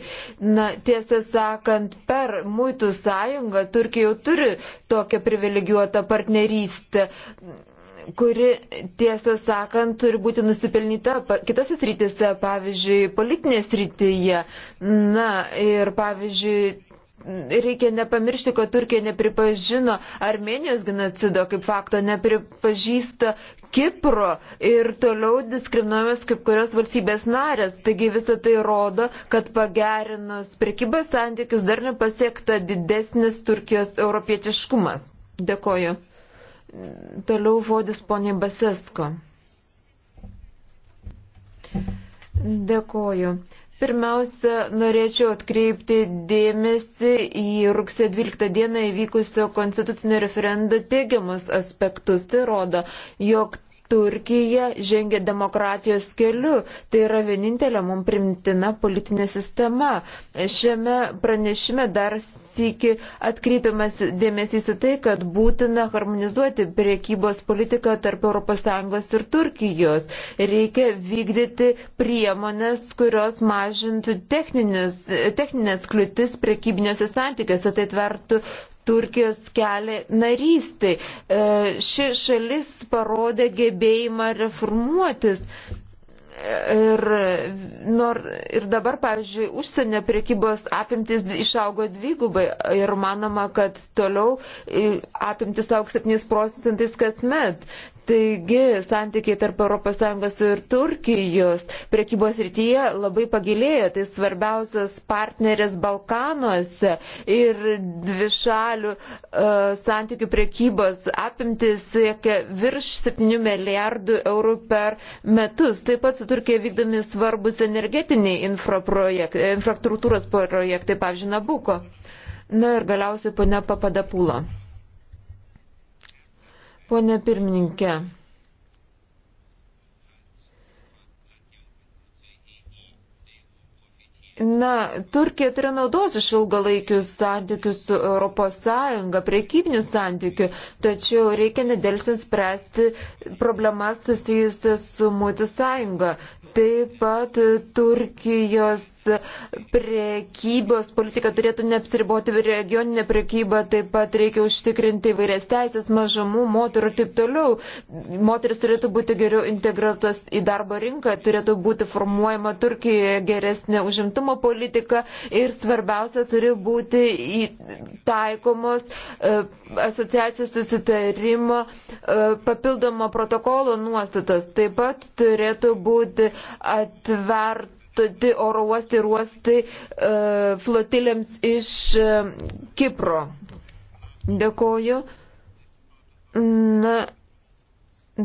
Na, tiesą sakant, per Muitų sąjungą Turkija jau turi tokią privilegijuotą partnerystę kuri, tiesą sakant, turi būti nusipelnyta kitose srityse, pavyzdžiui, politinės srityje. Na ir, pavyzdžiui, reikia nepamiršti, kad Turkija nepripažino Armenijos genocido kaip fakto, nepripažįsta Kipro ir toliau diskriminuojamas kaip kurios valstybės narės. Taigi visą tai rodo, kad pagerinus prekybos santykius dar nepasiekta didesnis Turkijos europietiškumas. Dėkoju. Toliau žodis poniai Basesko. Dėkoju. Pirmiausia, norėčiau atkreipti dėmesį į rugsėjo 12 dieną įvykusio konstitucinio referendo teigiamus aspektus. Tai rodo, jog Turkija žengia demokratijos keliu. Tai yra vienintelė mums primtina politinė sistema. Šiame pranešime dar sėki atkreipiamas dėmesys į tai, kad būtina harmonizuoti priekybos politiką tarp ES ir Turkijos. Reikia vykdyti priemonės, kurios mažintų techninės kliūtis priekybinėse santykiuose. Tai atvertų Turkijos kelią narystį. E, ši šalis parodė gebėjimą reformuotis. Ir, nor, ir dabar, pavyzdžiui, užsienio priekybos apimtis išaugo dvigubai ir manoma, kad toliau apimtis auks 7 procentais kasmet. Taigi, santykiai tarp ES ir Turkijos priekybos rytyje labai pagilėjo, tai svarbiausias partneris Balkanuose ir dvišalių uh, santykių priekybos apimtis siekia virš 7 milijardų eurų per metus. Taip pat su Turkija vykdomi svarbus energetiniai infrastruktūros projektai, pavyzdžiui, Nabuko. Na ir galiausiai ponia Papadapūlo. Pone pirmininkė, Na, Turkija turi naudos iš ilgalaikių santykių su ES, priekybinių santykių, tačiau reikia nedelsiant spręsti problemas susijusias su Mūtų sąjunga. Taip pat Turkijos prekybos politika turėtų neapsiriboti regioninė prekyba, taip pat reikia užtikrinti vairias teisės mažamų moterų ir taip toliau. Moteris turėtų būti geriau integruotas į darbo rinką, turėtų būti formuojama Turkijoje geresnė užimtumo politika ir svarbiausia turi būti taikomos e, asociacijos susitarimo e, papildomo protokolo nuostatos. Taip pat turėtų būti atvert atverti oro uostai ir uostai uh, e, flotilėms iš uh, Kipro. Dėkoju. Na,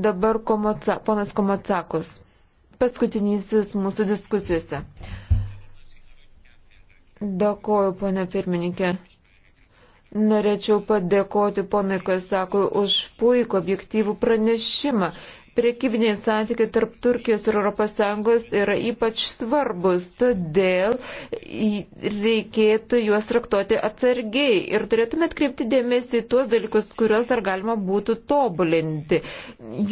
dabar komoca, ponas Komocakos. Paskutinysis mūsų diskusijose. Dėkoju, ponė pirmininkė. Norėčiau padėkoti ponui Kasakui už puikų objektyvų pranešimą. Priekybiniai santykiai tarp Turkijos ir ES yra ypač svarbus, todėl reikėtų juos traktuoti atsargiai ir turėtume atkreipti dėmesį į tuos dalykus, kuriuos dar galima būtų tobulinti.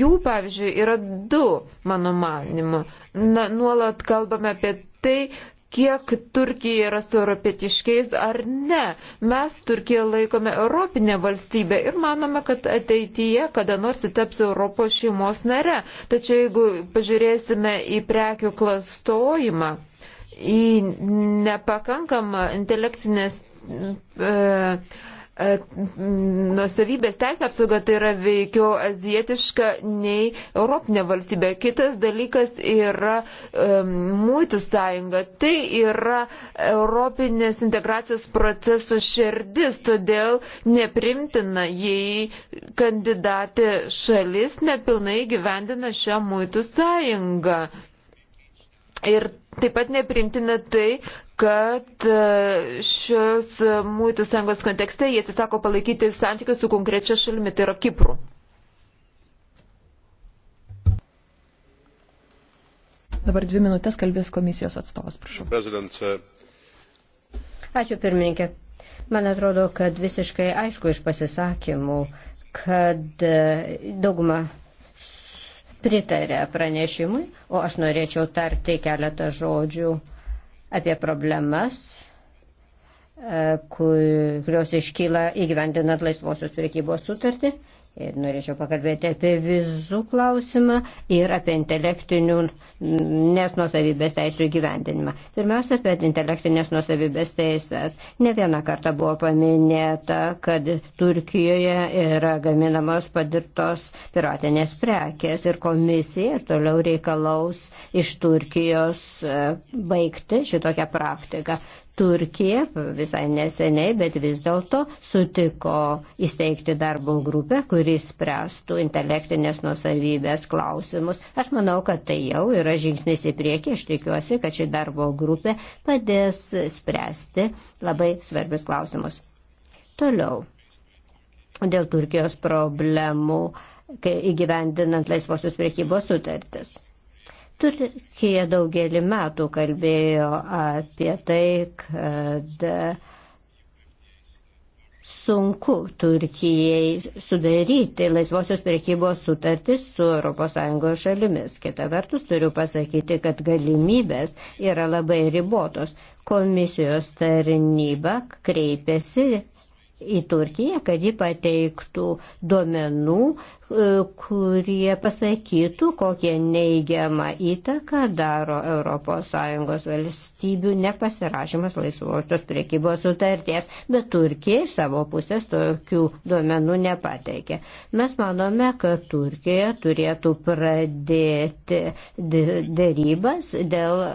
Jų, pavyzdžiui, yra du, mano manimu. Na, nuolat kalbame apie tai, kiek Turkija yra su europietiškiais ar ne. Mes Turkiją laikome Europinė valstybė ir manome, kad ateityje kada nors įtaps Europos šeimos nare. Tačiau jeigu pažiūrėsime į prekių klastojimą, į nepakankamą intelektinės. E, E, nusavybės teisė apsauga tai yra veikiau azietiška nei Europinė valstybė. Kitas dalykas yra um, muitų sąjunga. Tai yra Europinės integracijos procesų šerdis, todėl neprimtina, jei kandidatė šalis nepilnai gyvendina šią muitų sąjungą. Ir taip pat neprimtina tai, kad e, šios mūtų sąjungos kontekste jie atsisako palaikyti santykius su konkrečia šalimi, tai yra Kipru. Dabar dvi minutės kalbės komisijos atstovas, prašau. President, uh... Ačiū pirmininkė. Man atrodo, kad visiškai aišku iš pasisakymų, kad e, dauguma pritarė pranešimui, o aš norėčiau tarti keletą žodžių uh, apie problemas, e, kurios iškyla įgyvendinant laisvosios priekybos sutartį. Ir norėčiau pakalbėti apie vizų klausimą ir apie intelektinių nesnusavybės teisų įgyvendinimą. Pirmiausia, apie intelektinės nusavybės teisės. Ne vieną kartą buvo paminėta, kad Turkijoje yra gaminamos padirbtos piratinės prekės ir komisija ir toliau reikalaus iš Turkijos e, baigti šitokią praktiką. Turkija visai neseniai, bet vis dėlto sutiko įsteigti darbo grupę, kuris spręstų intelektinės nusavybės klausimus. Aš manau, kad tai jau yra žingsnis į priekį. Aš tikiuosi, kad ši darbo grupė padės spręsti labai svarbius klausimus. Toliau. Dėl Turkijos problemų įgyvendinant laisvosios priekybos sutartis. Turkija daugelį metų kalbėjo apie tai, kad sunku Turkijai sudaryti laisvosios priekybos sutartis su ES šalimis. Kita vertus turiu pasakyti, kad galimybės yra labai ribotos. Komisijos tarnyba kreipėsi į Turkiją, kad ji pateiktų duomenų, e, kurie pasakytų, kokią neigiamą įtaką daro ES valstybių nepasirašymas laisvosios priekybos sutarties, bet Turkija iš savo pusės tokių duomenų nepateikė. Mes manome, kad Turkija turėtų pradėti dėrybas dėl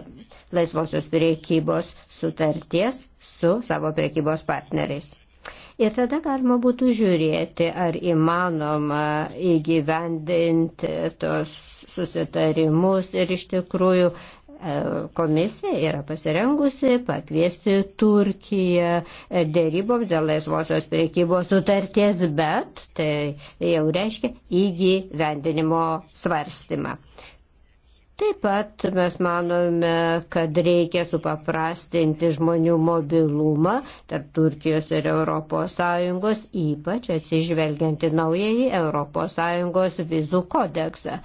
laisvosios priekybos sutarties su savo priekybos partneriais. Ir tada galima būtų žiūrėti, ar įmanoma įgyvendinti tos susitarimus ir iš tikrųjų e, komisija yra pasirengusi pakviesti Turkiją e, dėryboms dėl laisvosios priekybos sutarties, bet tai jau reiškia įgyvendinimo svarstymą. Taip pat mes manome, kad reikia supaprastinti žmonių mobilumą tarp Turkijos ir ES, ypač atsižvelgianti naująjį ES vizų kodeksą.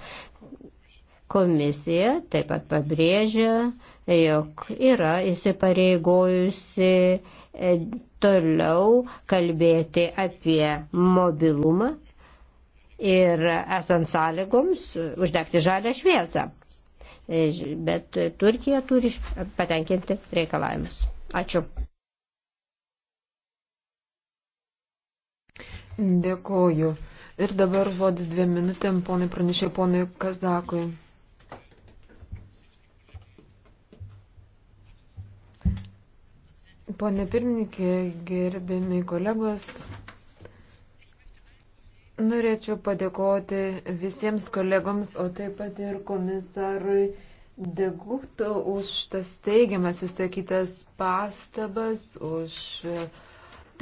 Komisija taip pat pabrėžia, jog yra įsipareigojusi e, toliau kalbėti apie mobilumą ir esant sąlygoms uždegti žalę šviesą. E, bet Turkija turi patenkinti reikalavimus. Ačiū. Dėkoju. Ir dabar vodis dviem minutėm, ponai pranešė ponui Kazakui. Pone pirmininkė, gerbėmi kolegos, Norėčiau padėkoti visiems kolegoms, o taip pat ir komisarui Degukto už tas teigiamas įsakytas pastabas, už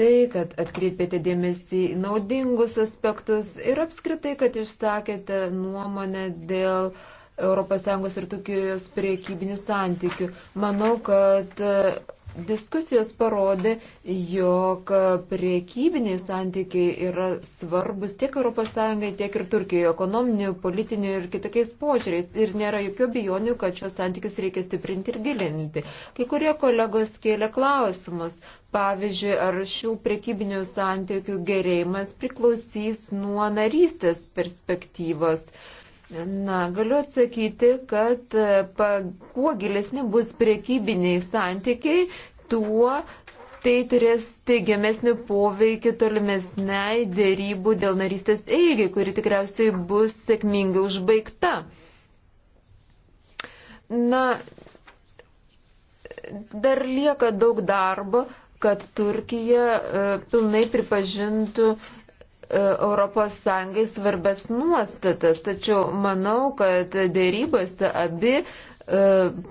tai, kad atkreipėte dėmesį į naudingus aspektus ir apskritai, kad išsakėte nuomonę dėl ES ir Turkijos priekybinių santykių. Manau, kad Diskusijos parodė, jog priekybiniai santykiai yra svarbus tiek ES, tiek ir Turkijoje ekonominių, politinių ir kitokiais požiūriais. Ir nėra jokių bijonių, kad šios santykius reikia stiprinti ir gilinti. Kai kurie kolegos kėlė klausimus. Pavyzdžiui, ar šių priekybinių santykių gerėjimas priklausys nuo narystės perspektyvos. Uh, Na, galiu atsakyti, kad e, pa, kuo gilesni bus priekybiniai santykiai, tuo tai turės teigiamesnį poveikį tolimesniai dėrybų dėl narystės eigai, kuri tikriausiai bus sėkmingai užbaigta. Na, dar lieka daug darbo, kad Turkija e, pilnai pripažintų ES svarbes nuostatas, tačiau manau, kad dėrybose abi e,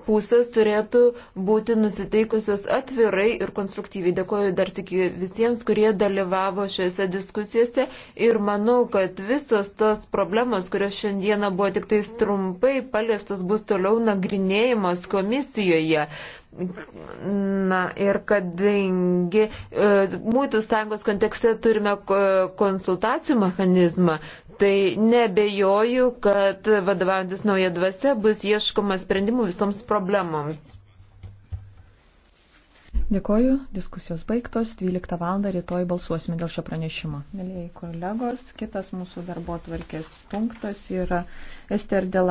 pusės turėtų būti nusiteikusios atvirai ir konstruktyviai. Dėkoju dar sėki visiems, kurie dalyvavo šiuose diskusijose ir manau, kad visos tos problemos, kurios šiandieną buvo tik tais trumpai paliestos, bus toliau nagrinėjamos komisijoje. Na ir kadangi e, Mūtų sąjungos kontekste turime e, konsultacijų mechanizmą, tai nebejoju, kad vadovaujantis nauja dvasia bus ieškoma sprendimų visoms problemoms. Dėkoju, diskusijos baigtos, 12 val. rytoj balsuosime dėl šio pranešimo. Mėlyjei kolegos, kitas mūsų darbo tvarkės punktas yra Ester Dela.